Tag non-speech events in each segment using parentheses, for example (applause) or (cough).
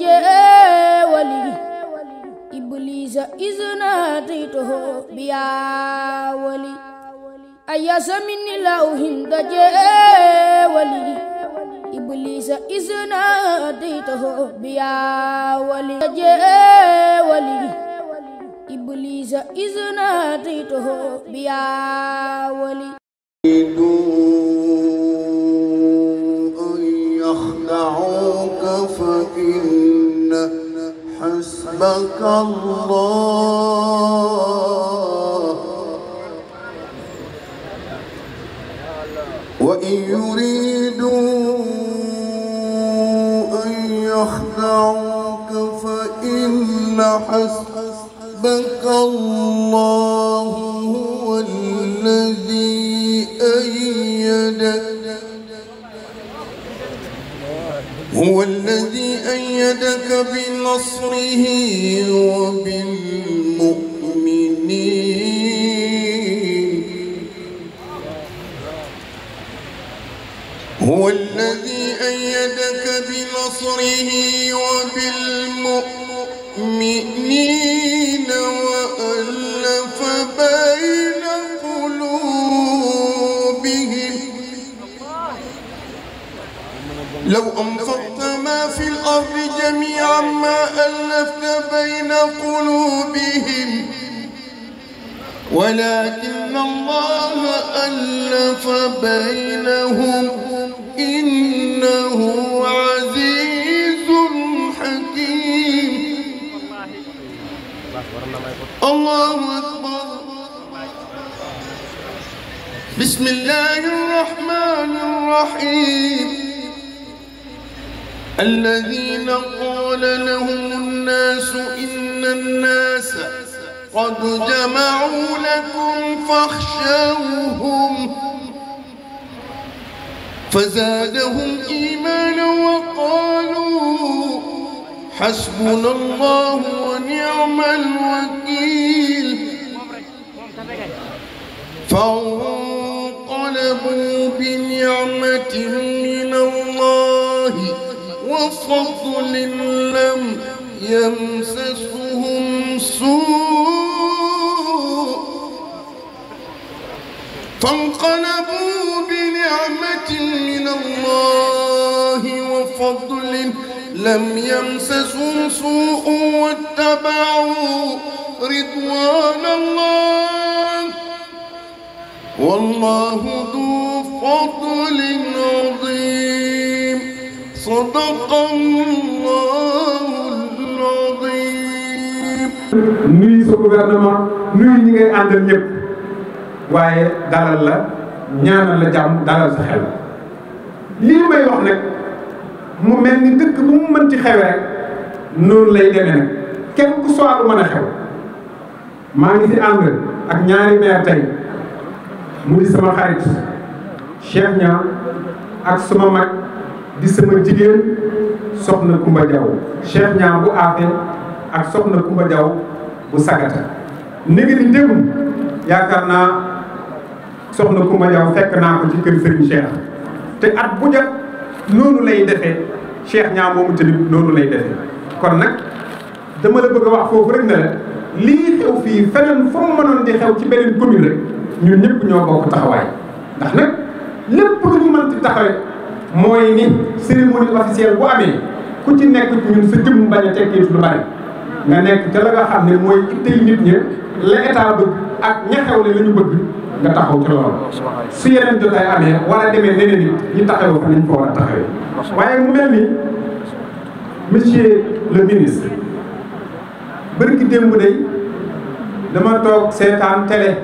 jeewali iblisa isnataytuhu biya wali ayasa minni lawhin da jeewali iblisa isnataytuhu biya wali da jeewali iblisa isnataytuhu biya wali يخدعوك فإن حسبك الله وإن يريدوا أن يخدعوك فإن حسبك الله هو الذي أيدك هو الذي أيدك بنصره وبالمؤمنين هو الذي أيدك بنصره وبالمؤمنين وألف بين قلوبهم لو أنفقت الله جميع ما ألفت بين قلوبهم ولكن الله ألف بينهم إنه عزيز حكيم الله أكبر بسم الله الرحمن الرحيم الذين قال لهم الناس إن الناس قد جمعوا لكم فاخشوهم فزادهم إيمانا وقالوا حسبنا الله ونعم الوكيل فانقلبوا بنعمة وفضل لم يمسسهم سوء فانقلبوا بنعمة من الله وفضل لم يمسسهم سوء واتبعوا رضوان الله والله ذو فضل صدق الله العظيم nuyu sa gouvernement nuyu ñi ngay àndal ñëpp waaye dalal la ñaanal la jàmm dalal sa xel lii may wax nag mu mel ni dëkk bu mu mën xewee noonu lay demee nag kenn ku soilu mën a xew maa ngi si ànd ak ñaari maire tey mu di sama xarit Cheikh Niang ak suma mag di sama jigéen soxna Kumba Jaw Cheikh ñaa bu aafe ak soxna Kumba Jaw bu sagata néegi di yaakaar naa soxna Kumba Jaw fekk naa ko ci kër Serigne Cheikh te at bu jot noonu lay defee Cheikh ñaa moomu tamit noonu lay defee kon nag dama la bëgg a wax foofu rek ne la lii xew fii feneen fu mu di xew ci beneen commune rek ñun ñëpp ñoo bokk taxawaay ndax nag lépp ñu mën ci mooy ni cérémonie officielle bu amee ku ci nekk ñun sa jëmm bañ a tekki lu bari nga nekk ca la nga xam ne mooy tey nit ñi la état bëgg ak ñaxew ne la ñu bëgg nga taxaw ci loolu su yeneen jotaay amee wala demee neneen nit ñu taxawoo ko ko war a taxawee waaye mu mel ni monsieur le ministre bërki démb day dama toog seetaan télé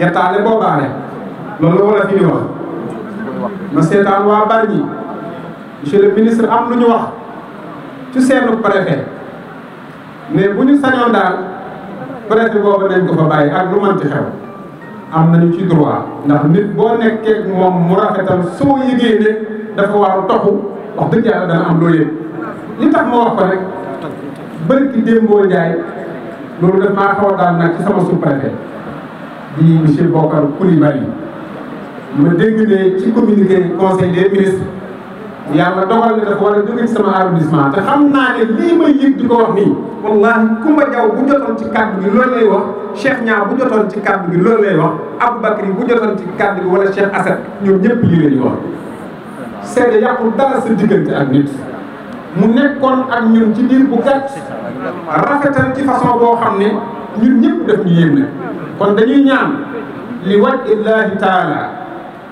yattaale boobaale loolu wala fi di wax ma seetaan waa Bargny monsieur le ministre am lu ñu wax ci seenu préfet mais bu ñu sañoon daal préfet boobu nañ ko fa bàyyi ak lu mën ci xew am nañu ci droit ndax nit boo nekkee moom mu rafetal soo yëgee ne dafa waaru toxu wax dëgg yàlla dana am loolu yëpp li ma wax ko rek bëri ki démboo Njaay loolu daf maa xaw a daal nag ci sama sous-préfet di monsieur Bokar Coulibaly ma dégg ne ci communiqué conseil des ministres yàlla dogal ne dafa war a jóge ci sama arrondissement te xam naa ne lii may yëg di ko wax nii wallaahi Kumba Jaw bu jotoon ci kàddu gi loolu lay wax Cheikh Niang bu jotoon ci kàddu gi loolu lay wax Aboubacry bu jotoon ci kàddu gi wala Cheikh Assane ñoom ñëpp lii la ñuy wax. seede yàqul dara mu nekkoon ak ñun ci diir bu gàtt rafetal ci façon boo xam ne ñun ñëpp daf ñu kon dañuy ñaan li waj illaahi taala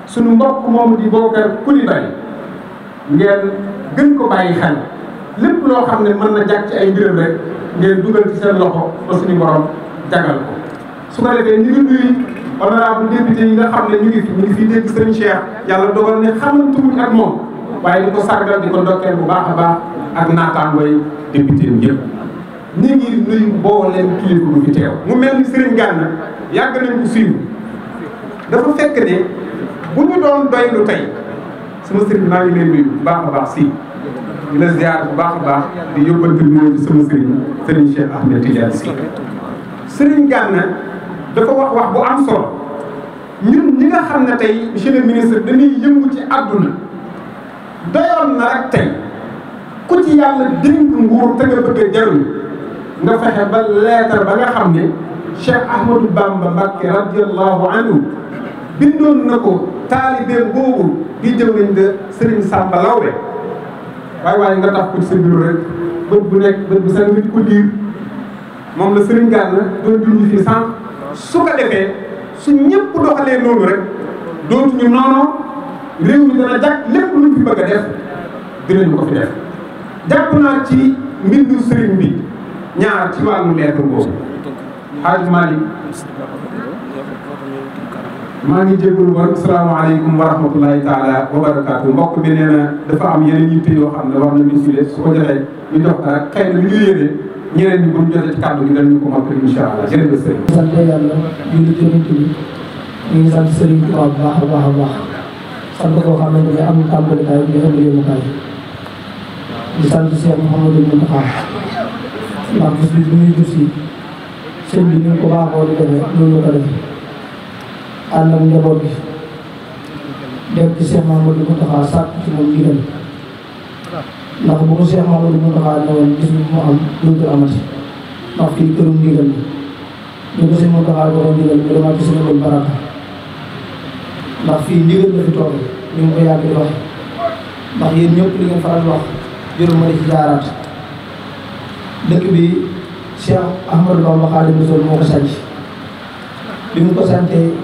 sunu mbokk moomu di Bocar Coulibaly ngeen gën ko bàyyi xel lépp loo xam ne mën na jàkk ci ay mbiram rek ngeen dugal ci seen loxo ba suñu borom jagal ko su ko defee ñu ngi nuyu yi nga xam ne ñu ngi fi ñu ngi fi dégg sëñ Cheikh yàlla dogal ne xamantuñ ak ko sargal di ko ndokkeel bu baax a baax ak naataangooy député yi yëpp ñu ngi nuyu mbooleem kilifa bu fi teew mu mel ni Serigne Gana yàgg nañ ko suivre dafa fekk ne bu ñu doon doy lu tey suma sëriñ maa ngi leen nuyu bu baax a baax si di la ziar bu baax a baax di yóbbante nuyoo ci sama sëriñ sëriñ Cheikh Ahmed Tidiane si sëriñ dafa wax wax bu am solo ñun ñi nga xam ne tey monsieur le ministre dañuy yëngu ci àdduna doyoon na rek tey ku ci yàlla dénk nguur te nga bëgg a jaruñu nga fexe ba leetar ba nga xam ne Cheikh Ahmadou Bamba Mbacké radiallahu anhu bindoon na ko taalibeem boobu di jëwriñ de Serigne Samba Lawbe waaye waaye nga tax ko ci sa bureau rek bët bu nekk bët bu ko diir moom la Serigne Gana doon junj fii sànq su ko defee su ñëpp doxalee noonu rek dootuñu noonu réew mi dana jàkk lépp luñ fi bëgg a def dinañ ko fi def jàpp naa ci mbindu Serigne bi ñaar ci wàllu leer boobu Hadj Malick maa ngi jégalu wa salaamaaleykum wa rahmatulahi taala wa barakaatu mbokk bi nee na dafa am yeneen yitte yoo xam ne war nañu suulee su ko joxee ñu jox dara xëy na li ñu yéene ñeneen ñi bu ñu jotee ci kàddu gi dañu ko mottali incha allah jërëjëf sëriñ. ñu ngi sant yàlla julli jëmante bi ñu ngi sant sëriñ Tuubaa bu baax a baax a baax sant koo xam ne dañu am tàmbalikaay ñu am yéemukaay di sant Cheikh Mouhamadou Mountakha ndax bis bi bu ñuy jur si sëñ bi ñu ko baaxoo di demee noonu la ko defee ànd ak njaboot gi def ci Cheikh Mamadou Mountakha sàkk ci moom ndigal ndax bu ko Cheikh Mamadou Mountakha newoon gis mu am dootul amati ndax fii kërum ndigal la ñu ko Cheikh Mountakha borom ndigal mu demaat ci suñu baraka ndax fii ndigal la fi toog ñu ngi ko yàgg di wax ndax yéen ñëpp li ngeen faral wax juróom ma di ci jaaraat dëkk bi Cheikh Ahmadou Bamba Khadim Rassoul moo ko sànc bi mu ko sàncee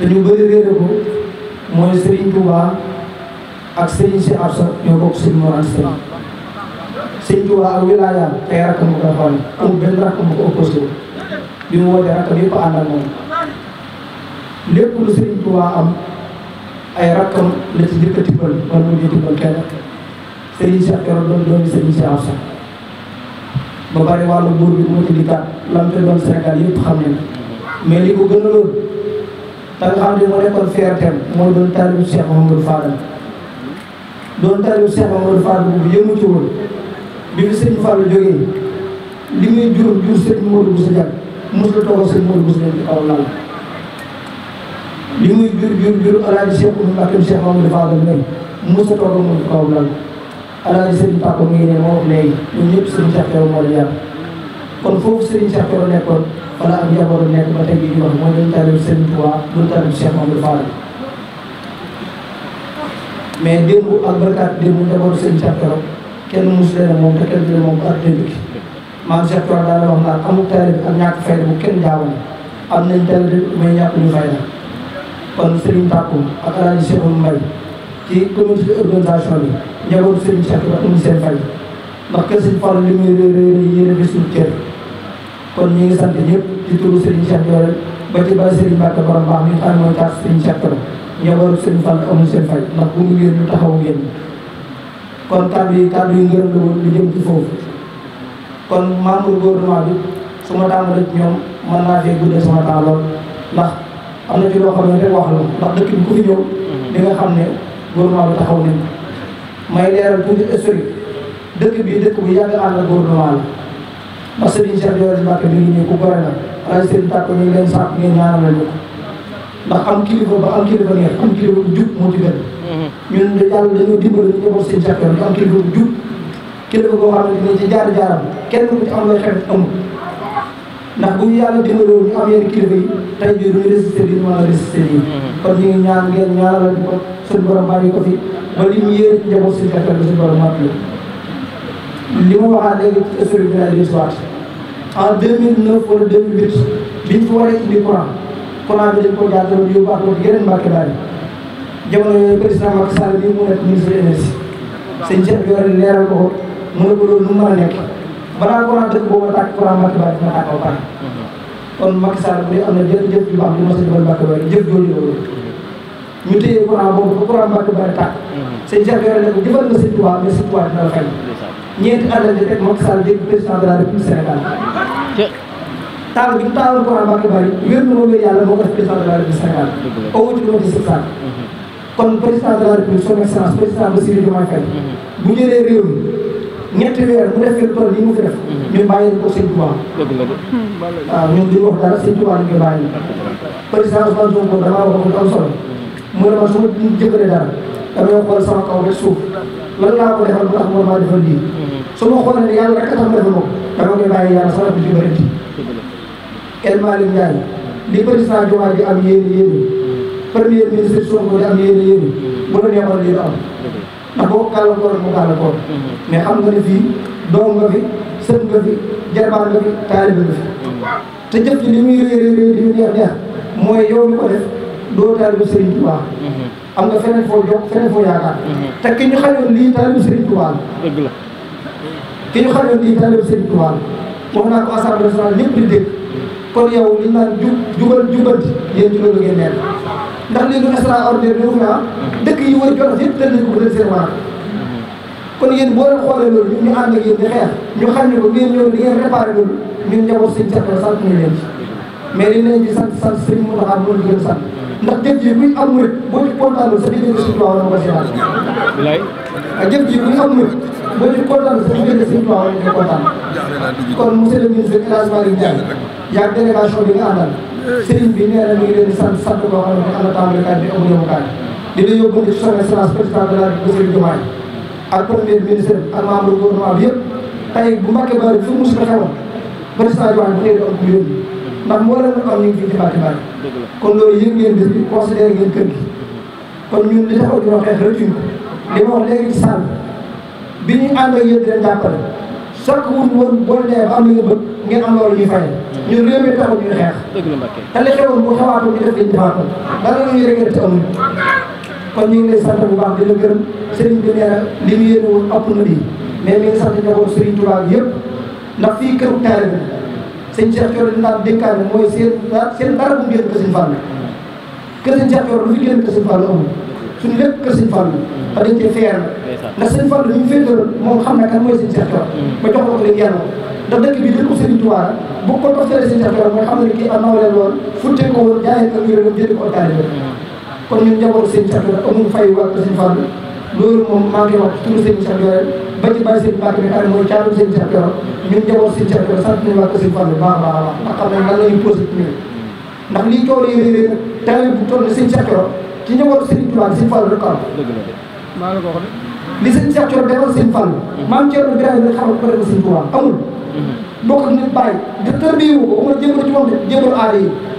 te ñu bëri réere ko mooy Serigne Touba ak Serigne si Absa ñoo bokk Serigne Mor Anta Sali Serigne Touba ak wilaayaam ay rakk mu ko defaale amul benn rakk mu ko opposé wu bi mu wootee rakk bi yëpp ànd ak moom lépp lu Serigne Touba am ay rakkam la ci njëkk a tibbal wala mu njëkk a tibbal kenn Serigne si ak keroog doon doomi Serigne si Absa ba bari wàllu buur bi mu tuddi kat lam te doon Sénégal yëpp xam nañ mais li ko gën a lool da nga xam ne moo nekkoon fiertem mooy doon taalibu Cheikh Mahamadou Fadal doon taalibu Cheikh Mahamadou Fadal bu yëngu ci woon bi fi sëñ jógee li muy juróom jur sëñ Modou Moussa Diagne mos li muy jur jur jur alaaji Cheikh Oumou Mbacké Cheikh Mahamadou Fadal ne mos la toogal moom ci kaw lal alaaji sëñ Pako mi ngi ne moo wax léegi ñun ñëpp sëñ Cheikh Thioro moo la yàgg kon foofu sëñ Cheikh Thioro fala ak njaboot nekk ba tey jii di wax mooy dañ taalib Sëriñ Tuubaa du taalib seen càkkaro kenn mus leen moom te kenn leen moom ak démb ki maam Cheikh Tuubaa daal wax naan amul taalib ak bu kenn jaawale am nañ taalib mais ñàkk ñu fayda kon Serigne Tako ak El Hadj Cheikh Mbaye ci comité organisation bi njaboot Serigne Cheikh ba seen fay ndax kese Fall li muy réeréer yéen a gis cër kon ñu ngi sant ñëpp ci turu Serigne Cheikh Ndiol ba ci seen fay ndax bu kon kàddu yi kàddu yi ngërëm la woon lu jëm bi su ma daan rek ñoom mën naa fee guddee loo xam ne rek wax la ndax nga xam ne gouvernement bi taxaw nañ may leeral tuuti historique dëkk bi dëkk bu yàgg ànd ak gouvernement ndax Serigne Cheikh Dior Mbacke mi ngi nii ku gore na waaye Serigne Tàkko ñu ngi leen sàkk ngeen ñaanal ñu ko ndax am kilifa ba am kilifa neex am kilifa bu jub di ci gën mhm. ñun de yàlla dañoo bu ci am lay xeet amul ndax bu yàlla dimbaloo ñu am yenn kilifa yi tey jii duñu résister bi ñu mën a résister yi mhm. kon ñu ngi ñaan ngeen ñaanal ñu ko suñu borom bàyyi ko ba li li ma waxaat léegi ci esprit bi daal di histoire en 2009 wala 2008 biñ fi war a indi courant courant bi dañ ko gàttal yóbbuwaat ko yeneen mbàkk daal yi jamono yooyu président Macky Sall bii mu nekk ministre de l'énergie sëñ Cheikh Dior leeral ko mu ne ko loolu nu mu mën a nekk balaa courant dëkk boobu tàkk courant mbàkk daal dina tàkk ba pare kon Macky Sall bu dee am na jëf-jëf yu baax li ma sa defal mbàkk daal jëf jooju loolu ñu téye courant boobu ba courant mbàkk daal tàkk mm-hmm. sëñ Cheikh Dior ne ko jëfal na sëñ Tuubaa mais sëñ Tuubaa dina la fay ñeenti àndal di teg Macky Sall dégg président de la République Sénégal taal bi mu taalal Coran Mbacké Bari wér na ma wér yàlla moo ko def président de la République Sénégal awu ci duma ci sibsan kon président de la République son excellence président Bassirou Diomaye bu mhm. jëlee réew mi ñetti weer mu def leen tool yi mu fi def mhm. ñu bàyyi ko sëñ Touba waaw ñun duñu wax dara sëñ Touba ñu koy bàyyi président Ousmane Sonko damaa wax ko am solo mu ne ma su ma jëfalee su ma xoolee ne yàlla rek a tax ma defe moom dama koy bàyyi yàlla sa bi ci bëri El bi am yéene yéene premier ministre Sonko di am yéene yéene lii la am ndax boo mu fi sën nga fi nga fi taalibe nga te jëf ji li muy réer réer di neex neex mooy yow mi ko def doo taalibe Serigne Touba mhm. am nga feneen foo jokk feneen foo yaakaar mhm. te ki ñu xayoon lii taalibe Serigne Touba ki ñu xam ne bii taalib Sëriñ Tuubaa wax naa ko assemblée nationale ñëpp di dégg kon yow li ñu naan jub jubal jubanti lii lu extraordinaire bi wax yi wër Jolof yëpp tënk ko bu leen seen waar kon boo leen xoolee loolu ñu ànd ak yéen di xeex ñu xam ne ko ngeen ñëw di ngeen réparé loolu ñun njaboot seen cercle sant ñu leen ci mais li leen di sant sant Sëriñ Muntaxa moo di gën sant ndax jëf ji buñ am murit boo ci kontaanul sa diggante Sëriñ Tuubaa war na ko seetaan ak jëf ji buñ am murit ba ñu kontaan sax ngeen ne Sëñ Tuubaa war nañu kontaan kon monsieur le ministre El Hadj Malick Ndiaye yaag délégation bi nga a eh. sëriñ bi nee na mi ngi leen di sant sant boo xam ne mu ànd tàmbali kaay bi amul yemu kaay di la yóbbu ci son excellence président de la République Diomaye ak premier ministre ak membre gouvernement bi yëpp tey bu Mbàkke Bari mu suka xewoon président Diomaye bu tey am ku yónni ndax moo leen am ñu ngi fii ci Mbàkke Bari kon loolu yëg ngeen bis bi considéré ngeen kër gi kon ñun li tax audio xeex rëccuñ ko li ma wax léegi ci bi ñuy ànd ak yéen di leen jàppale chaque wut woon boo dee ba am li nga bëgg ngeen am loolu ñu fay ñun réew mi taxul ñu xeex te xewoon bu xewaatoo ñu def liñ defaatoo dara sant bu baax na li ñu yéene woon ëpp na lii mais mi ngi sant njaboot sëriñ Tuubaa yëpp ndax fii këru taale bi sëñ Cheikh Thioro dañ daan dénkaane mooy seen seen dara bu mu génn kër sëñ Fàllu kër sëñ Cheikh Thioro lu fi génn lépp kër sëñ Fàllu Hmm. ba dañ cee fier na ndax sëñ Fallou xam bi dëkku Sëriñ Tuubaa bu ko toftale hmm. sëñ Cheikh Thioro mooy ne kii nañu wax ko ndax xam nañ lan la ñu hmm. bu toll ne sëñ Cheikh Thioro ci njabootu Sëriñ Tuubaa sëñ Fallou rek am maa la ko wax de. li sëñ Cheikh Thioro defal sëñ Fall. maam Thierno Birahim la xamal ko defal sëñ Touba amul. Mhm. bokk nit bàyyi di tërbiyu ko ba mu ne jéem de jéem aada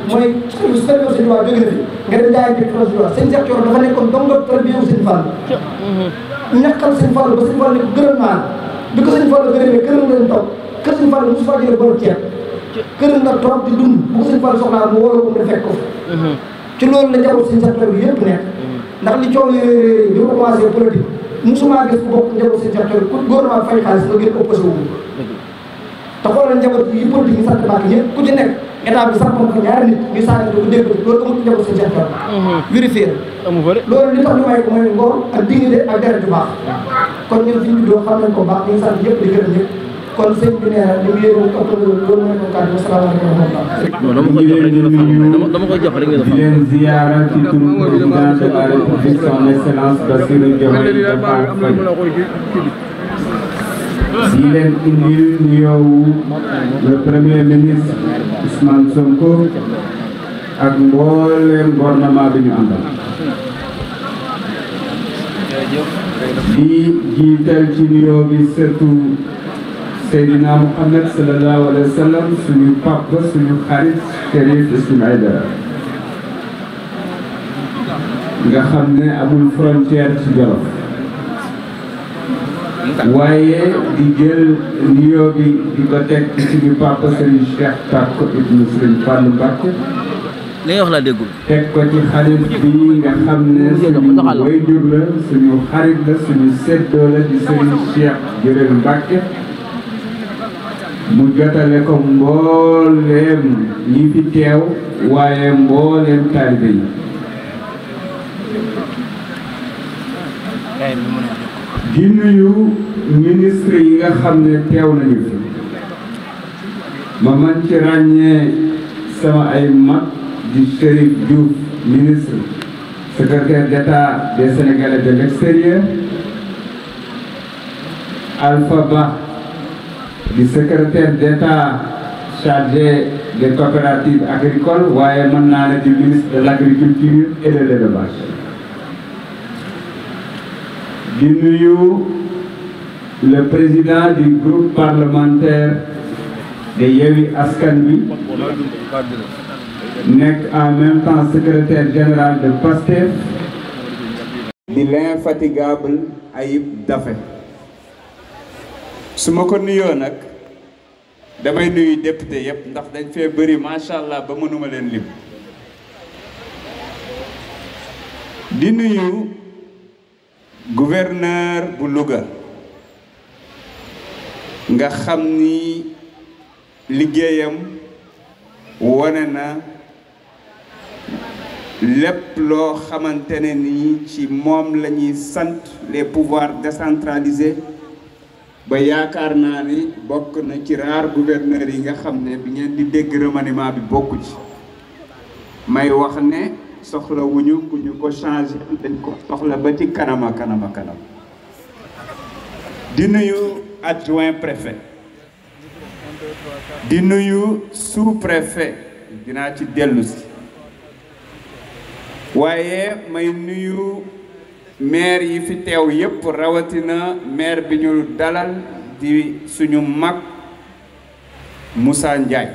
mooy su fekkee sëñ Touba jóge na fi nga dem jaay bi sëñ Touba sëñ Cheikh Thioro dafa nekkoon donga tërbiyu sëñ Fall. Mhm. ñaqal sëñ Fall ba bi ko sëñ Fall gërëmee gërëm leen toog kër sëñ Fall mosu faa jëlee borom ceeb këram la toog di dund bu mu wóor ko mu mhm. ci loolu la njaboot sëñ Cheikh ndax li coow li li ma commencé politique musuma gis ku bokk njaboot seen jox ku gouvernement fay xaalis ba ngeen opposé wu te xoolal njaboot yi politique yi sant bàkk ñëpp ku ci nekk état bi sax moom ko ñaari nit ñu saaga ko dégg loolu amul njaboot seen jox mhm. vérifié loolu li tax ñu may ko mooy ngor ak dignité ak deret bu baax kon ñun fi ñu doo xam nañ ko baax ñu sant ñëpp di gërëm ñëpp kon sëñ bi nee na leen ziyaara ci turu président de la république son excellence Bassirou Diomaye Diakhar Faye. di leen indil nuyoowu le premier ministre Ousmane Sonko ak mbooleem gouvernement bi ñu àndal. di jiital ci nuyoo bi Seydina Muhammad sallallahu alayhi wa suñu papa suñu xarit Chérif Ismaïla nga xam ne amul frontière ci Jolof waaye di jël nuyoo bi di ko teg ci suñu papa Serigne Cheikh Tako ibnu Serigne Fallou Mbacké li teg ko ci xarit bi nga xam ne suñu wayjur suñu xarit la suñu seddoo la di Serigne Cheikh Jërël Mbacké mu jotale ko mbooleem ñi fi teew waaye mbooleem taalibe yi di nuyu ministre yi nga xam ne teew nañu fi ma man ci ràññee sama ay mag di Chérif Diouf ministre secrétaire d'État des Sénégalais de l'extérieur Alpha du secrétaire d'État chargé des coopératives agricoles waaye mën naa ne du ministre de l'agriculture et de l'élevage di nuyu le président du groupe parlementaire de Yewwi Askan Wi nekk en même temps secrétaire général de PASTEF di l'infatigable Ayib Daffé su ma ko nuyoo nag damay nuyu député yëpp ndax dañ fee bari macha allah ba mënuma leen lim di nuyu gouverneur bu Louga nga xam ni liggéeyam wane na lépp loo xamante ne ni ci moom lañuy sant les pouvoirs décentralisés ba yaakaar naa ni bokk na ci raar gouverneur yi nga xam ne bi ngeen di dégg remaniement bi bokku ci may wax ne soxla wuñu ku ñu ko changé dañ ko soxla ba ci kanama kanama kanam di nuyu adjoint préfet di nuyu sous préfet dinaa ci dellu waaye may nuyu maire yi fi teew yépp rawatina maire bi ñu dalal di suñu mag Moussa Ndiaye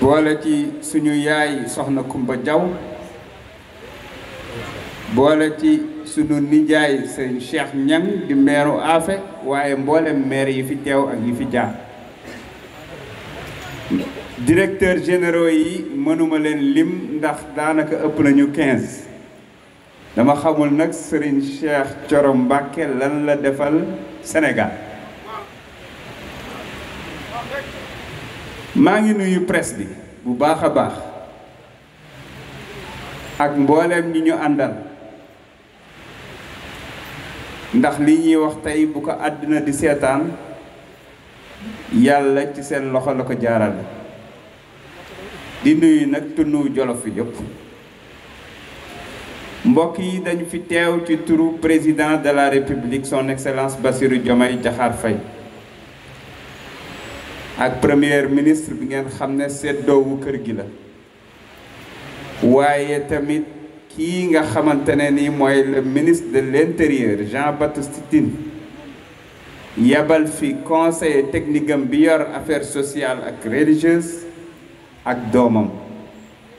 boole ci suñu yaay soxna Kumba Jaw boole ci suñu nijaay sëñ Cheikh Ñang di meeru Afe waaye mboolem meer yi fi teew ak yi fi jaar directeurs généraux yi mënuma leen lim ndax daanaka ëpp nañu quinze dama xamul nag Serigne Cheikh Thioro Mbacké lan la defal senegal maa ngi nuyu presse bi bu baax a baax ak mbooleem ñi ñu àndal ndax li ñuy wax tey bu ko àddina di seetaan yàlla ci seen loxo la ko jaaral bi di nuyu nag tundu jolof yi mbokk yi dañu fi teew ci turu président de la république son excellence Bassirou Diomaye Diakhar Faye ak première ministre bi ngeen xam ne seddoowu kër gi la waaye tamit ki nga xamante ne ni mooy ministre de l'intérieur Jean Baptiste Tine yabal fi conseiller technique bi yor affaires sociales ak religieuses ak doomam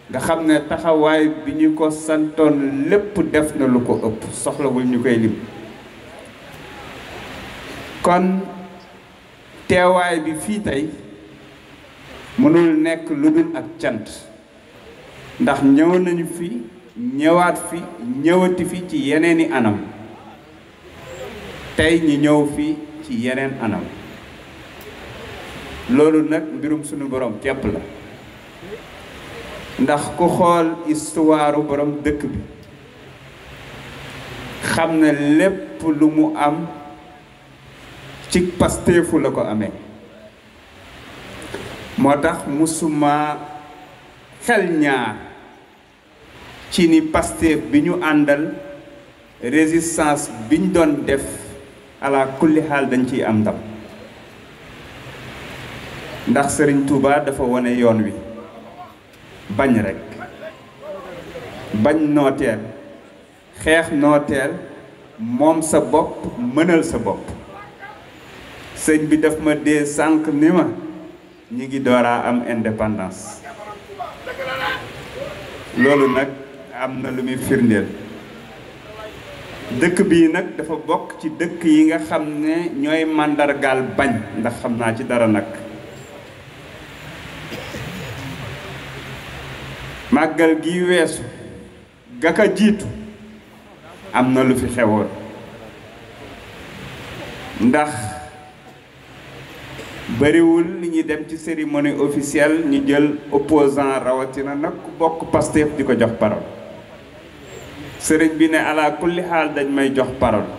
nga xam ne taxawaay bi ñu ko santoon lépp def na lu ko ëpp soxlawul ñu koy lim kon teewaay bi fii tey mënul nekk lu dul ak cant ndax ñëw nañu fi ñëwaat fi ñëwati fi ci yeneeni anam tey ñi ñëw fi ci yeneen anam loolu nag mbirum sunu boroom képp la ndax ku xool histoire borom dëkk bi xam na lépp lu mu am ci pasteefu la ko amee moo tax musuma xel ñaar ci ni pasteef bi ñu àndal résistance biñ doon def ala kulli xaal dañ ciy am ndam ndax sëriñ Touba dafa wane yoon wi bañ rekk bañ nooteel xeex nooteel moom sa bopp mënal sa bopp sëñ bi daf ma dee sànq ni ma ñi ngi dooraa am indépendance loolu nag am na lu muy firndeel dëkk bii nag dafa bokk ci dëkk yi nga xam ne ñooy màndargaal bañ ndax xam naa ci dara nag màggal gi weesu gaka jiitu am na lu fi xewoon ndax bariwul li ñuy dem ci cérémonie officielle ñu jël opposant rawatina nag ku bokk Pastef di ko jox parole sëriñ bi ne ala kulli xaal dañ may jox parole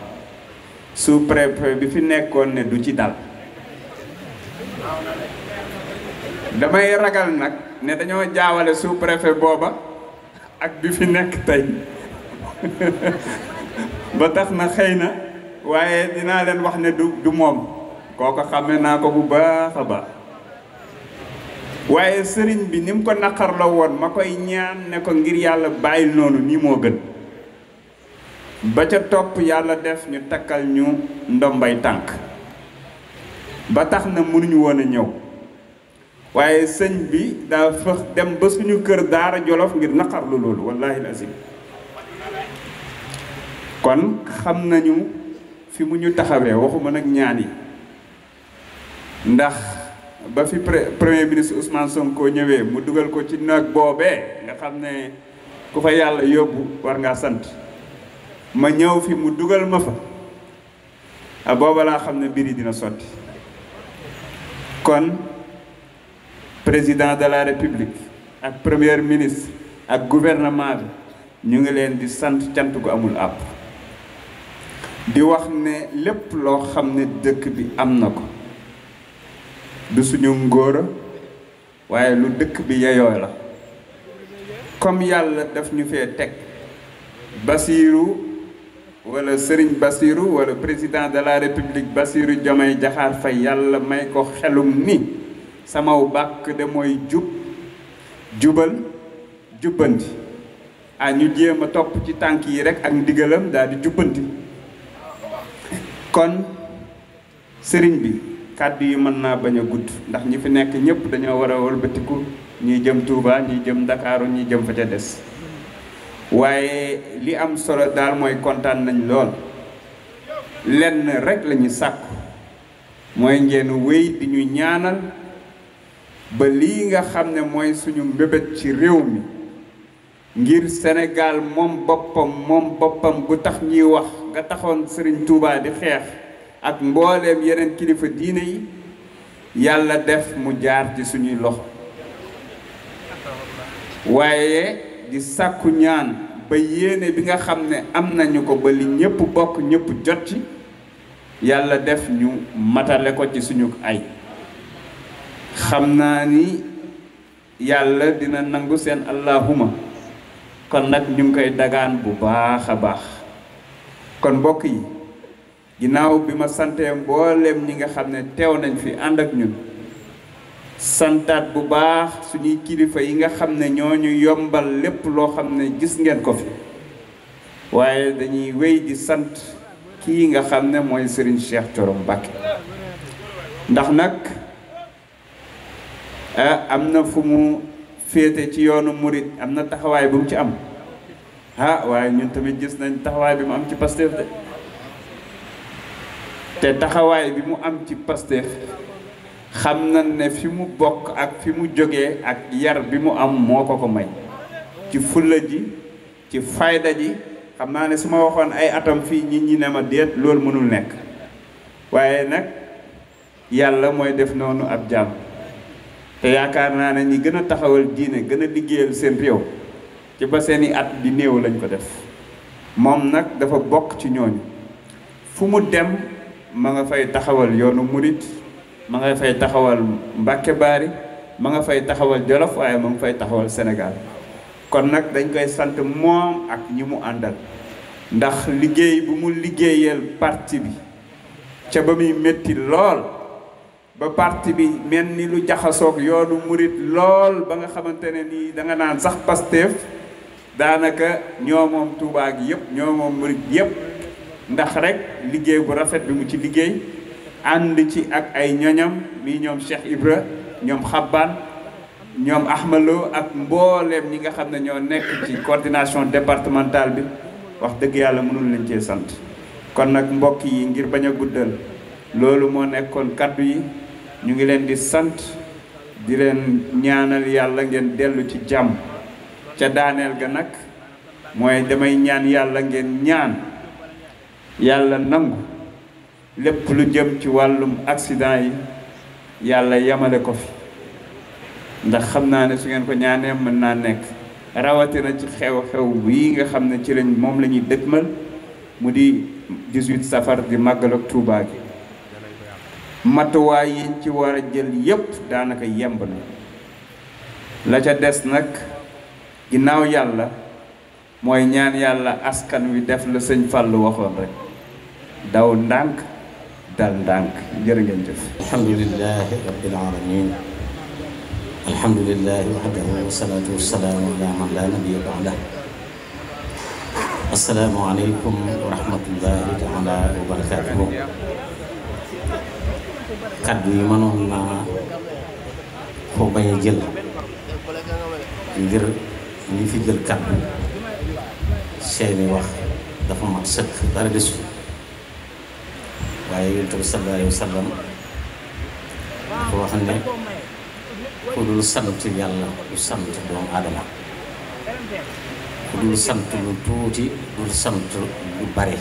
sous-préfet bi fi nekkoon ne du ci dal damay ragal nag ne dañoo jaawale sous préfet booba ak bi fi nekk tey (laughs) ba tax na xëy na waaye dinaa leen wax ne du du moom kooko xame naa ko bu baax a baax waaye sëriñ bi ni mu ko naqar la woon ma koy ñaan ne ko ngir yàlla bàyyil noonu nii moo gën ba ca topp yàlla def ñu takkal ñu ndombay tànk ba tax na mënuñu woon a ñëw waaye sëñ bi daa fa dem ba suñu kër daara jolof ngir naqarlu loolu wallahi azim kon xam nañu fi mu ñu taxawee waxuma nag ñaan yi ndax ba fi premier ministre Ousmane Sonko ñëwee mu dugal ko ci nag boobee nga xam ne ku fa yàlla yóbbu war ngaa sant ma ñëw fi mu dugal ma fa a booba laa xam ne mbir yi dina sotti kon président de la république ak première ministre ak gouvernement bi ñu ngi leen di sant cant gu amul àpp di wax ne lépp loo xam ne dëkk bi am na ko du suñu ngóora waaye lu dëkk bi yeyoo la comme yàlla daf ñu fee teg Basiiru walla Serigne Basiiru wala président de la république Basiiru Diomaye Diakhar Faye yàlla may ko xelum ni samaw bàkk de mooy jub jubal jubbanti ah ñu jéem a topp ci tànk yi rek ak ndigalam daal di jubbanti kon sëriñ bi kàddu yi mën naa bañ a gudd ndax ñi fi nekk ñëpp dañoo war a wëlbatiku ñii jëm Touba ñii jëm Ndakaaru ñii jëm fa ca des waaye li am solo daal mooy kontaan nañ lool lenn rek lañu sàkku mooy ngeen wéy di ñu ñaanal ba lii nga xam ne mooy suñu mbébét ci réew mi ngir Sénégal moom boppam moom boppam bu tax ñuy wax nga taxoon sëriñ Touba di xeex ak mbooleem yeneen kilifa diine yi yàlla def mu jaar ci suñuy loxo waaye di sàkku ñaan ba yéene bi nga xam ne am nañu ko ba li ñëpp bokk ñépp jot ci yàlla def ñu matale ko ci suñu ay xam naa ni yàlla dina nangu seen allahuma kon nag ñu ngi koy dagaan bu baax a baax kon mbokk yi ginnaaw bi ma santee mbooleem ñi nga xam ne teew nañ fi ànd ak ñun santaat bu baax suñuy kilifa yi nga xam ne ñoo ñu yombal lépp loo xam ne gis ngeen ko fi waaye dañuy wéy di sant kii nga xam ne mooy Serigne Cheikh Thioro Mbacké ndax nag Eh, am na fu mu féete ci yoonu murit am na taxawaay bu mu ci am ah waaye ñun tamit gis nañ taxawaay bi mu am ci Pastef de te taxawaay bi mu am ci Pastef xam nañ ne fi mu bokk ak fi mu jógee ak yar bi mu am moo ko ko may ci fulla ji ci fayda ji xam naa ne su ma waxoon ay atam fii ñi ñi ne ma déet loolu mënul nekk waaye nag yàlla mooy def noonu ab jàmm te yaakaar naa ne ñi gën a taxawal diine gën a liggéeyal seen réew ci ba seeni at bi néew lañ ko def moom nag dafa bokk ci ñooñu fu mu dem ma nga fay taxawal yoonu murit ma nga fay taxawal Mbàkke ma nga fay taxawal Jolof waaye ma nga fay taxawal Sénégal kon nag dañ koy sant moom ak ñi mu àndal ndax liggéey bu mu liggéeyal parti bi ca ba muy metti lool ba parti bi mel ni lu jaxasoog yoonu murit lool ba nga xamante ne nii danga naan sax Pastef daanaka ñoomoom moom Tuubaa gi yëpp ñoo moom murit yëpp ndax rekk liggéey bu rafet bi mu ci liggéey ànd ci ak ay ñoñam mi ñoom Cheikh Ibra ñoom Xabbaan ñoom Ahmalo ak mbooleem ñi nga xam ne ñoo nekk ci coordination départementale bi wax dëgg yàlla mënul lañ cee sant kon nag mbokk yi ngir bañ a guddal loolu moo nekkoon kaddu yi ñu ngi leen di sant di leen ñaanal yàlla ngeen dellu ci jàmm ca daaneel ga nag mooy damay ñaan yàlla ngeen ñaan yàlla nangu lépp lu jëm ci wàllum accident yi yàlla yamale ko fi ndax xam naa ne su ngeen ko ñaanee mën naa nekk rawatina ci xew-xew bii nga xam ne ci lañ moom lañuy ñuy dëgmal mu di 18 safar di màggal ak Tuubaa gi matuwaay yi ci war a jël yépp daanaka yemb na la ca des nag ginnaaw yàlla mooy ñaan yàlla askan wi def la sëñ Fàllu waxoon rek daw ndànk dal ndànk jërë ngeen jëf alhamdulilahi rabbil alamin alhamdulilahi wahdahu wasalaatu wasalaamu ala man la nabiya baada assalaamu aleykum wa rahmatullahi taala wa barakatuhu kat bi mënoon naa ko bañ jël ngir ñi fi jël kàddu seeni wax dafa mat sëkk dara desu waaye yonent bi sallallahu alayhi wa sallam dafa wax ne ku dul sant yàlla du sant doomu aadama ku dul sant lu tuuti dul sant lu bare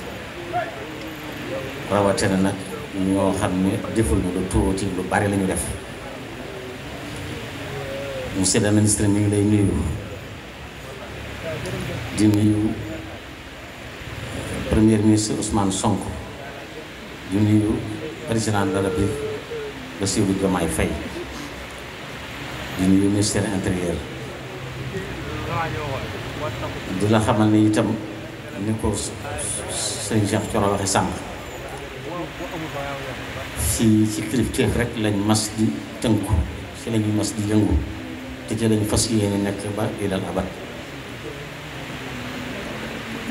rawatina nag ñoo xam ne deful ñu lu tuuti lu bari la ñu def monsieur ministre mi ngi lay nuyu di nuyu euh, premier ministre Ousmane Sonko di nuyu président de la République Bassirou Diomaye Faye di nuyu ministère intérieur di la xamal ne itam ni ko sëñ Cheikh Thioro waxe sànq si ci kilifteef rek lañ mas di tënku ci lañu mas di yëngu te ci lañ fas yéene nekk ba ilal abat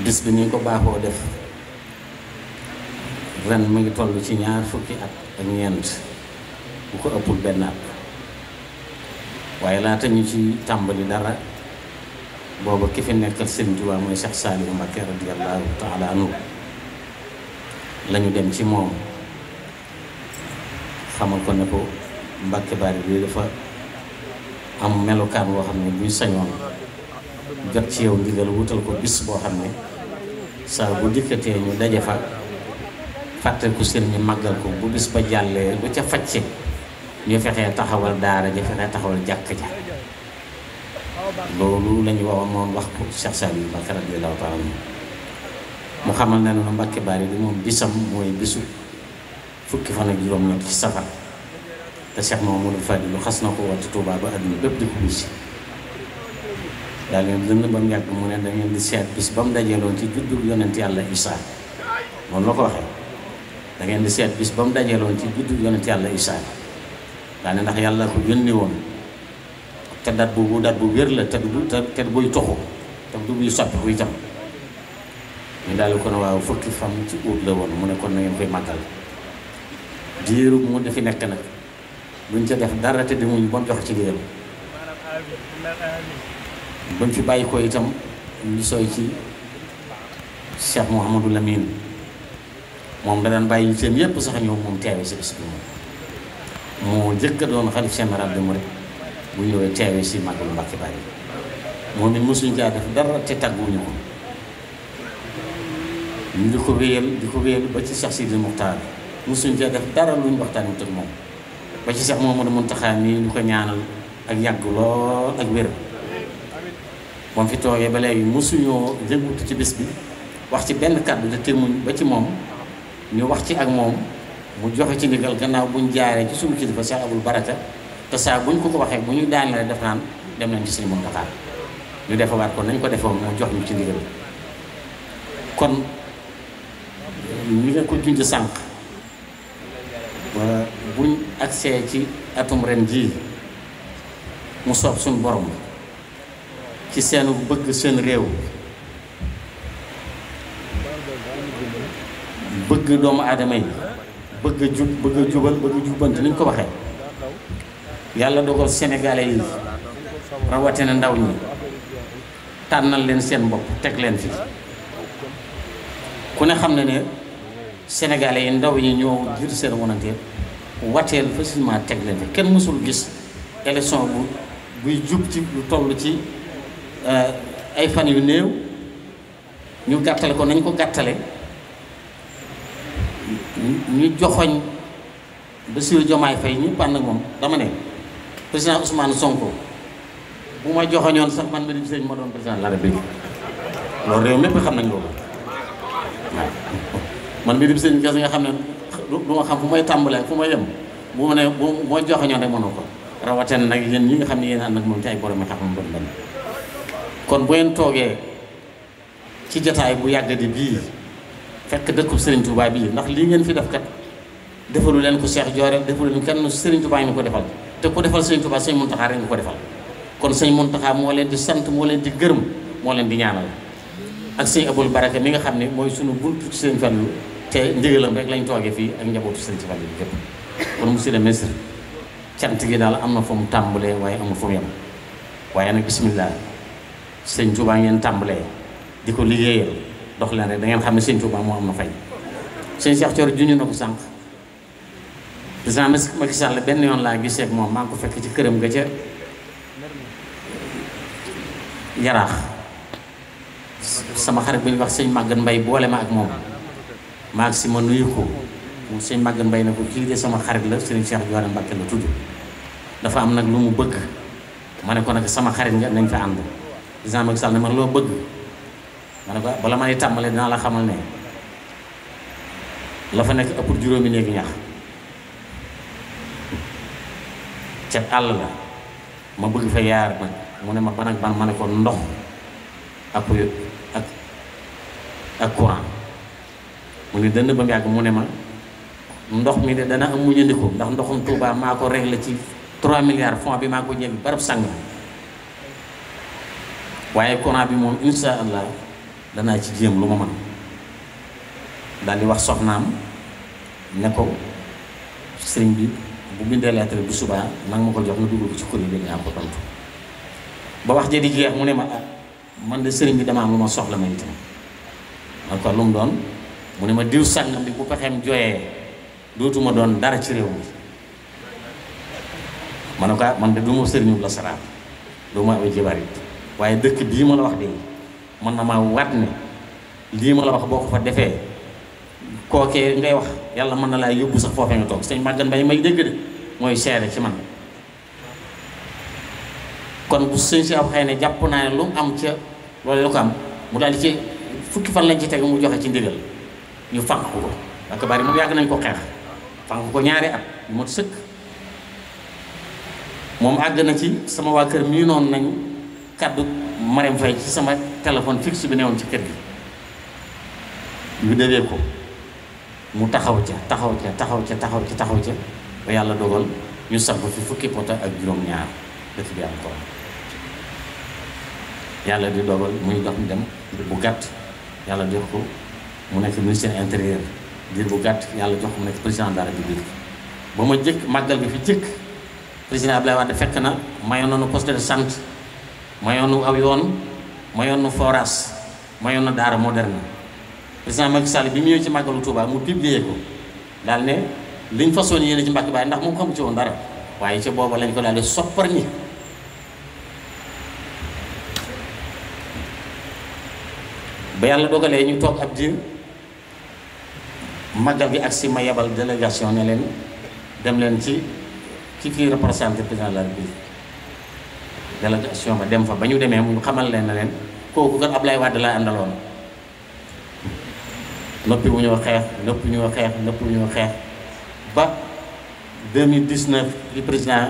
bis bi ni ko baaxoo def ren mu ngi toll ci ñaar fukki at ak ñeent bu ko ëppul benn at waaye laata ñu ci tàmbali dara booba ki fi nekkal Sëriñ Tuubaa mooy Cheikh Saliou Mbacké radiyallahu taala anhu lañu dem ci moom xamal ko ne ko Mbàkke Bari bi dafa am melokaan boo xam ne buy sañoon jot ci yow ndigal wutal ko bis boo xam ne saa bu dikkatee ñu daje fa fàttali ko seen ñu màggal ko bu bis ba jàllee lu ca facce ñu fexee taxawal daara ñu fexee taxawal jàkk ja loolu lañu waxoon moom wax ko Cheikh Saliou Mbacké radiyallahu taala mu xamal ne noonu Mbàkke Bari bi moom bisam mooy bisu fukki fan ak juróom-ñett ci safar te Cheikh Mamadou Fadilou xas na ko wattu Touba ba àdduna bépp di bii bis daal leen dënd ba mu yàgg mu ne dangeen di seet bis ba mu dajeeloon ci juddug yonent yàlla Isa noonu la ko waxee di seet bis ba mu dajeeloon ci juddug yonent yàlla Isa daa ne ndax yàlla ko yónni woon te dat boobu dat bu wér la te du te buy toxu te du buy soppi buy tam ñu daal di ko ne waaw fukki fan ci ut la woon mu ne kon na ngeen koy màggal diirub mu di fi nekk nag buñ ca def dara te demuñ ba jox ci diiru ba fi bàyyi ko itam ñu sooy ci Cheikh Mouhamadou Lamine moom da daan bàyyi seen yépp sax ñëw moom teewe si bis moom moo jëkk a doon xalif général si màggalu Mbàkke Bari moom it mosuñ caa def dara te tàgguñu ko ñu di ko wéyal di ko wéyal ba ci Cheikh Sidi Muxtaar mosuñ fee def dara luñ waxtaan tëg moom ba ci sax Mouhamadou Mountakha ni ñu ko ñaanal ak yàgg lool ak wér moom fi toogee ba léegi mosuñoo wut ci bis bi wax ci benn kàddu de témuñ ba ci moom ñu wax ci ak moom mu joxe ci ndigal gannaaw buñ jaaree ci suñu kilifa Cheikh Abdou Baraka te saa buñ ko ko waxee bu ñu daaneel def naan dem nañ ci Sëriñ Mountakha ñu defawaat ko nañ ko defoon mu jox ñu ci ndigal kon ñu nga ko junj sànq ba buñ agsee ci atum ren jii mu soob suñ borom ci seenu bëgg seen réew bëgg doomu aadama yi bëgg jub bëgg jubal bëgg jubbanti ni ñu ko waxee yàlla dogal sénégalais yi rawatina ndaw ñi tànnal leen seen bopp teg leen fi ku ne xam na ne sénégalais yi ndaw yi ñoo jël seen volontaire wateel facilement teg leen kenn mësul gis élection bu buy jub ci lu toll ci euh, ay fan yu néew ñu gàttale ko nañ ko gàttale ñu joxoñ Bassirou Diomaye Faye ñu ànd ak moom dama ne président Ousmane Sonko bu ma joxoñoon sax man ma di sëñ ma doon président de la République loolu réew mépp xam nañ loolu man mbirum seen Fess nga xam ne du ma xam fu may tàmbalee fu ma yem bu ma ne bu ma joxoñoon rek mënu ko rawatina nag yéen ñi nga xam ne yéen ànd ak moom ci ay borom xam-xam bon bon kon bu ngeen toogee ci jataay bu yàgg di bii fekk dëkkub Serigne Touba bii ndax lii ngeen fi def kat defalu leen ko Cheikh Joore defalu leen kenn Serigne Touba ñu ko defal te ku defal Serigne Touba Serigne Mountakha nga ko defal kon Serigne Mountakha moo leen di sant moo leen di gërëm moo leen di ñaanal ak Serigne bare Baraka mi nga xam ne mooy sunu buntu seen Serigne Fallou te ndigalam rek lañ toogee fii ak njabootu sëñ Fallou bi gépp kon monsieur le ministre cant gi daal am na fu mu tàmbalee waaye am na mu yem waaye nag bisimilah sëñ Touba ngeen tàmbalee di ko liggéeyal dox leen rek da ngeen xam ne sëñ Touba moo am na fay. sëñ Cheikh Thioro junj na ko sànq président Macky Sall benn yoon laa gisee ak moom maa ngi ko fekk ci këram ga ca yaraax sama xarit bu ñu wax sëñ Maguette Mbaye boole ma ak moom. maag si ma nuyu ko mu sëñ mbay na ne ko kii de sama xarit la sëriñ Cheikh Joor Mbàkke la tudd dafa am nag lu mu bëgg ma ne ko sama xarit nga nañ fa ànd président Macky ma loo bëgg ma ne ko bala la xamal ne la fa nekk ëpp juróomi néegi ca àll la ma bëgg fa mu ne ma ban ak ban ma ne ko ndox ak courant mu ne dënd ba mu yàgg mu ne ma ndox mi de dana am mu muñandiku ndax ndoxum Touba maa ko réglé ci 3 milliards fond bi maa ko ñëw barab sang waaye courant bi moom insha allah danaa ci jéem lu ma man daal di wax soxnaam ne ko sëriñ bi bu bindee lettre bi subaa nanga ma ko jox nga dugal ko ci kuréel bi nga ko tontu ba wax ja di jeex mu ne ma ah man de sëriñ bi dama am lu ma soxla ma itam ak lu mu doon mu ne ma diw sàngam bi bu pexeem jooyee dootuma doon dara ci réew mi ma ne ko ah, man de du ma la saraan du ma amee jibaar waaye dëkk bii ma la wax de mën na maa wat ne lii ma la wax boo ko fa defee kookee ngay wax yàlla mën na laa yóbbu sax foofee nga toog sëñ mooy seere ci man kon bu si ab xëy ne jàpp naa ne lu am ca loolu la ko am mu dal ci fukki fan lañ ci teg mu joxe ci ndigal ñu fànq ko parce que bari moom yàgg nañ ko xeex fànq ko ñaari at yu mot sëkk moom àgg na ci sama waa kër mii noonu nañ kàddu Marème Faye ci sama téléphone fixe bi newoon ci kër gi ñu déggee ko mu taxaw ca taxaw ca taxaw ca taxaw ca taxaw ca ba yàlla dogal ñu sax ko fi fukki pota ak juróom-ñaar dëkk bi am ko yàlla di dogal muy dox dem bu gàtt yàlla jox ko mu nekk ministère intérieur diir bu gàtt yàlla jox mu nekk président de la république ba ma jëkk màggal bi fi jëkk président Abdoulaye Wade fekk na mayoon nañu poste de sant mayoon nu aw yoon mayoon nu forage mayoon na daara moderne président Macky Sall bi mu ñëw ci màggalu Touba mu publier ko daal ne liñ façon yéene ci Mbàkke Baay ndax moom xamu ci woon dara waaye ci booba lañ ko daal di soppar ñi ba yàlla dogalee ñu toog ab diir magal gi ak si ma yebal délégation ne leen dem leen ci ci fii représenté président de bi République délégation ba dem fa ba ñu demee mu xamal leen na leen kooku kat lay Wade laa àndaloon noppi wu ñoo xeex noppi ñoo xeex noppi wu ñoo xeex ba 2019 li président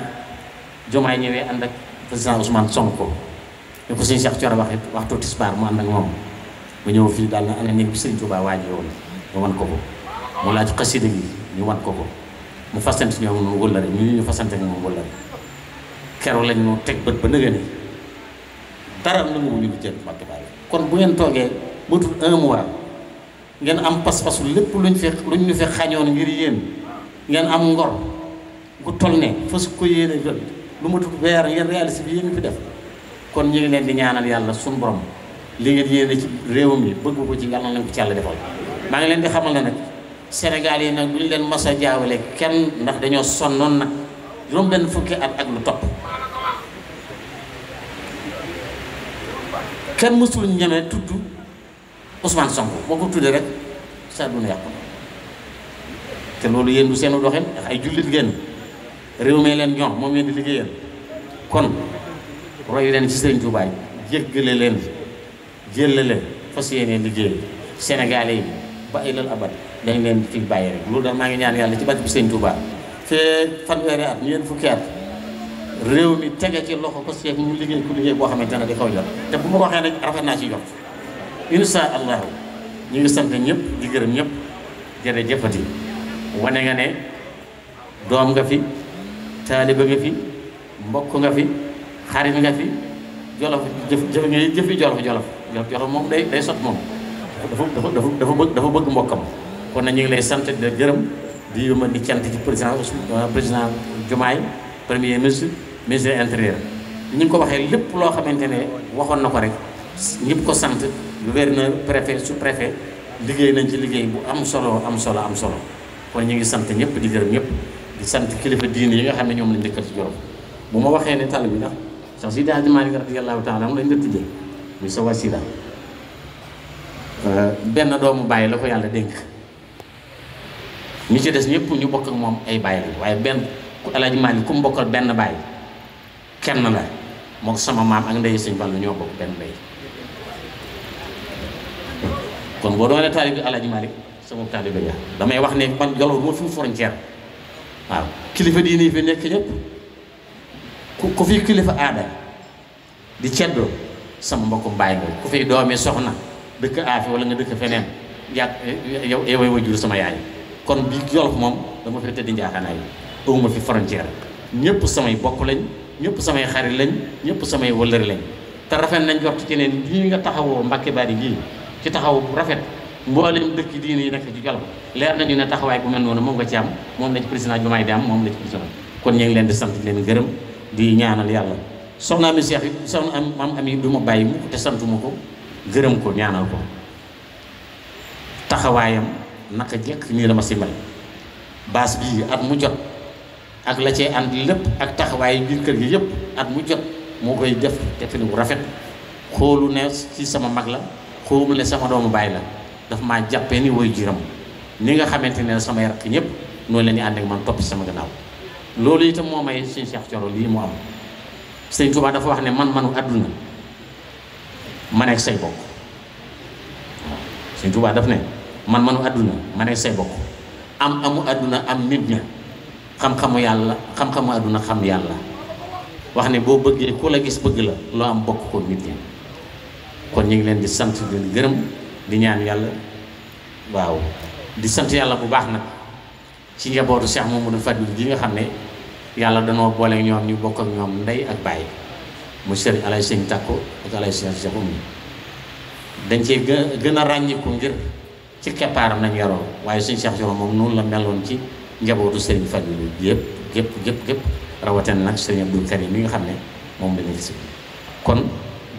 Diomaye ñëwee ànd ak président Ousmane Sonko ñu ko suñu Cheikh Thioro wax waxtu tisbaar mu ànd ak moom bu ñëw fii daal na ana néeg bi Sëriñ Tuubaa waajee woon mu mën ko ko mu laaj xasida gi ñu wan ko ko mu fasante ñoom moom wëllare ñu ñu fasante ak moom wëllare keroog lañ ñu teg bët ba nëgëni dara am na mu ñu jël Mbàkke Baari kon bu ngeen toogee matul un mois ngeen am pas-pasu lépp luñ fi luñ ñu fi xañoon ngir yéen ngeen am ngor gu toll ne fas ko yéene jot lu matul weer ngeen réalisé bi yéen fi def kon ñu ngi leen di ñaanal yàlla suñu borom li ngeen yéene ci réew mi bëgg ko ci yàlla nañ ko ci yàlla defal maa ngi leen di xamal ne nag. senegaal yi nag duñ leen mos a jaawale kenn ndax dañoo sonnoon na juróom benn fukki at ak lu topp kenn mësul ñeme tudd Ousmane Sonko boo ko tuddee rek sa duna yàqu te loolu yéen du seenu doxin ndax ay jullit ngeen réew mee leen ñoom moom ngeen di liggéeyal kon royu leen ci Sëriñ Tuubaa jéggale leen jëlle leen fas yéene liggéey Sénégalais yi ba ilal abad dañ leen fi bàyyi rek loolu daal maa ngi ñaan yàlla ci barke bi sëñ Touba te fanweeri at ñeent fukki at réew mi tege ci loxo ko seet ñu liggéey ku liggéey boo xamante ne di kaw jot te bu ma ko waxee nag rafet naa ci jot insha allahu ñu ngi sant ñëpp di gërëm ñëpp jërëjëfati wane nga ne doom nga fi taaliba nga fi mbokk nga fi xarit nga fi jolof jëf jëf jëfi jolof jolof jolof moom day day sot moom dafa dafa dafa bëgg mbokkam kon na ñu ngi lay sant di la gërëm di yóbbu di cant ci président Ousmane euh, président Diomaye premier ministre ministre intérieur ñu ngi ko waxee lépp loo xamante ne waxoon na ko rek ñëpp ko sant gouverneur préfet sous préfet liggéey nañ ci liggéey bu am solo am solo am solo kon ñu ngi sant ñëpp di gërëm ñëpp di sant kilifa diine yi nga xam ne ñoom lañ dëkkal ci Jolof bu ma waxee ne tal bi ndax sax si daal di Maalik radiyallaahu taala am lañ la tuddee muy sa wasila euh, benn doomu bàyyi la ko yàlla dénk. ñi ci des ñëpp ñu bokk ak moom ay bàyyi la waaye benn ku El Hadj Malick ku mu benn bàyyi kenn la moo sama maam ak ndeyu sëñ Fallu ñoo bokk benn ndey kon boo doonee taalibe El Hadj Malick sama taalibe ja damay wax ne man Jolof moo fi mu frontière waaw kilifa diine yi nekk ñëpp ku ku fi kilifa aada di ceddoo sama mbokku mbaay nga ku fi doomee soxna dëkk aafi wala nga dëkk feneen yàgg yow yow wajur sama yaay. kon bi Jolof moom dama fi tëddi njaaxanaay awuma fi frontière ñëpp samay bokk lañ ñëpp samay xarit lañ ñëpp samay wëllëri lañ te rafet nañ jot ci leen lii nga taxawoo Mbàkke Bari gii ci taxaw bu rafet mboolem dëkk diine yi nekk ci Jolof leer nañu ne taxawaay bu mel noonu moom nga ci am moom la ci président Diomaye di am moom la ci président kon ñu ngi leen di sant leen gërëm di ñaanal yàlla soxna ami seex yi soxna am maam am yi du bàyyi mu te santuma ko gërëm ko ñaanal ko taxawaayam naka jekk nii dama si mel baas bii at mu jot ak la cee ànd lépp ak taxawaayu biir kër gi yëpp at mu jot moo koy def defini bu rafet xoolu ne ci sama mag la xoolu ne sama doomu baay la dafa ma jàppe ni woy juram ni nga xamante ne sama yàq ñëpp noonu la ñuy ànd ak man topp sama gannaaw loolu itam moo may sëñ Cheikh Thioro lii mu am sëñ Touba dafa wax ne man-manu àdduna man ak say bokk waaw sëñ Touba daf ne. man manu àdduna ma ne say bokk am amu àdduna am nit ña xam-xamu yàlla xam-xamu àdduna xam yàlla wax ne boo bëggee ku la gis bëgg la loo am bokk ko nit ña kon ñu ngi leen di sant di gërëm di ñaan yàlla waaw di sant yàlla bu baax nag ci njabootu Cheikh Mamadou Fadil gi nga xam ne yàlla danoo boole ñoom ñu bokk ak ñoom ndey ak baay mu sëriñ alay sëñ tàkko ak alay sëñ dañ cee gën a ràññiku ngir ci keppaaram lañ yoroo waaye suñ Cheikh Thioro moom noonu la meloon ci njabootu Serigne Fallou yëpp yëpp yëpp yëpp rawatina nag Serigne Abdou Karim mi nga xam ne moom la ñu gis kon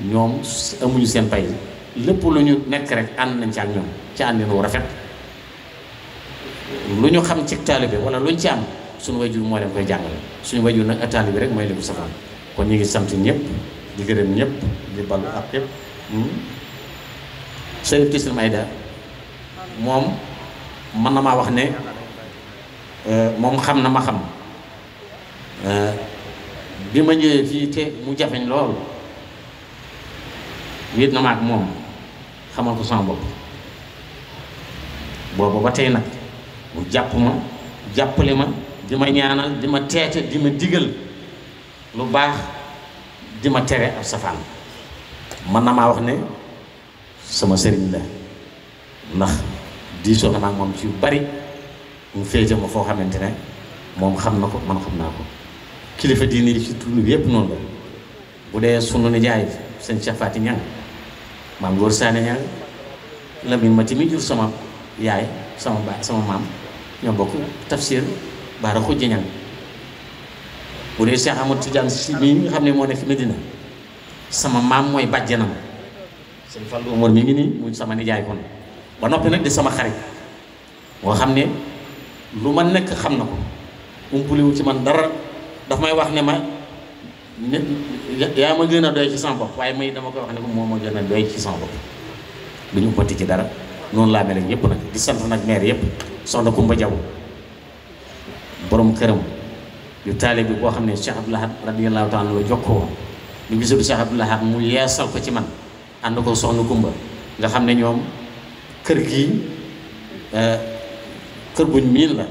ñoom amuñu seen pay lépp lu ñu nekk rek ànd nañ ci ak ñoom ci àndin wu rafet lu ñu xam ci taalibe wala luñ ci am suñu wajur moo leen koy jàngale suñu wajur nag ak taalibe rek mooy lébu safaan kon ñu ngi sant ñëpp di gërëm ñëpp di ballu ak yëpp hmm? Serigne Tissim Aïda moom mën na maa wax ne euh, moom xam na ma xam euh, bi ma ñëwee fii te mu jafeñ lool wéet na ma ak moom xamal ko sama bopp boobu ba tey nag mu jàpp ma jàppale ma di ma ñaanal di ma teete di ma digal lu baax di ma tere ab safaan mën na maa wax ne sama sëriñ la ndax diisoo na ak moom ci yu bari mu féete ma foo xamante ne moom xam na ko man xam naa ko kilifa diine ci tund bi noonu la bu dee sunu nijaay sëñ Cheikh Faty maam Góor Saane Niang la mi ma mi jur sama yaay sama ba sama maam ñoo bokk tafsir baara xujj Niang bu dee Cheikh Amadou Tidiane si mii nga xam ne moo ne fi Medina sama maam mooy bàjjanam sëñ Fallou Umar mi ngi nii mu sama nijaay kon ba noppi nag di sama xarit moo xam ne lu ma nekk xam na ko umpuliwu ci man dara daf may wax ne ma nit yaa ma gën a doy ci sama bopp waaye may dama koy wax ne ko moom ma gën a doy ci sama bopp du ñu umpati ci dara noonu laa mel ak ñëpp nag di sant nag meer yëpp soxna Kumba Jaw boroom këram yu taale bi boo xam ne Cheikh Abdoul Ahad radiyallahu taala la jokkoo bi bisu bi Cheikh Abdoul Ahad mu yeesal ko ci man ànd ko soxna Kumba nga xam ne ñoom kër gi eh, kër guñ miin la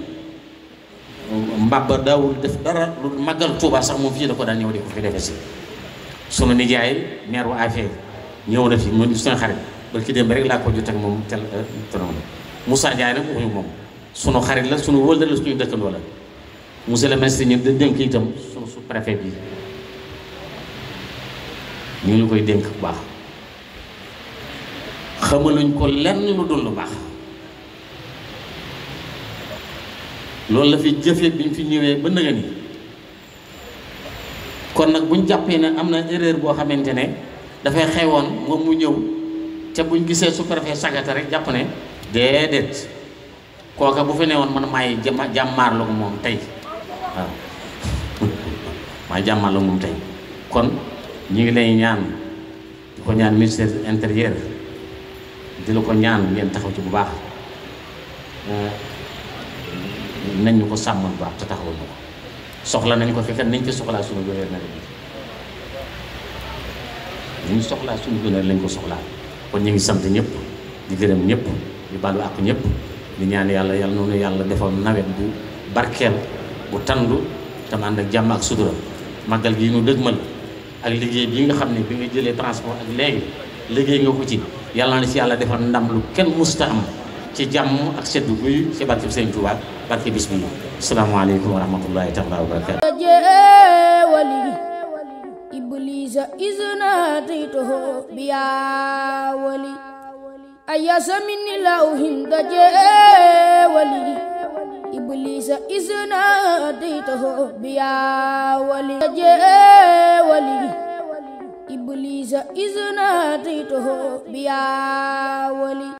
mbàbba daawul def dara lu màggal Tuubaa sax moom fii da ko daan ñëw di ko fi defe si sunu nijaay meer wu affaire e, ñëw na fi mu suñu xarit ba ki dem rek laa ko jot ak moom tel eh, tonom Moussa Ndiaye nag waxuñu moom sunu xarit la sunu wëlda la suñu dëkkandoo la monsieur le ministre ñu da dénk itam sunu sous préfet bi ñu ngi koy dénk bu baax xamaluñ ko lenn lu dul lu baax loolu la fi jëfee bi ñu fi ñëwee ba nga kon nag buñ jàppee nag am na erreur boo xamante ne dafay xewoon moom mu ñëw te buñ gisee sous-préfet rek jàpp ne déedéet kooka bu fi newoon man maay jàmmaarlu ko moom tey waaw (laughs) maay jàmmaarlu moom tey kon ñu ngi lay ñaan di ko ñaan ministère intérieur di la ko ñaan ngeen taxaw ci bu baax eh, nañ ñu ko sàmmoon bu baax te taxawul ñu ko soxla nañ ko fekk nañ ci soxlaa suñu gouverneur bi lañ ko soxlaa kon ñu ngi sant ñëpp di gërëm ñëpp di baalu àq ñëpp di ñaan yàlla yàlla noonu yàlla defal nawet bu barkeel bu tandu te mu ànd ak jàmm ak sutura màggal gi ñu dëgmal ak liggéey bi nga xam ne bi nga jëlee transport ak léegi liggéey nga ko ci yàlla na ci yàlla defal ndam lu kenn musta ci jàmm ak seddu guy ci barke bi sëñ Tuubaa barke bis bi wa rahmatullahi taala wa barakaatu wali iblisa iznataytuhu biya wali ayasa minni law hinda wali iblisa iznataytuhu biya wali wali إبليس إذ ناديته بيا ولي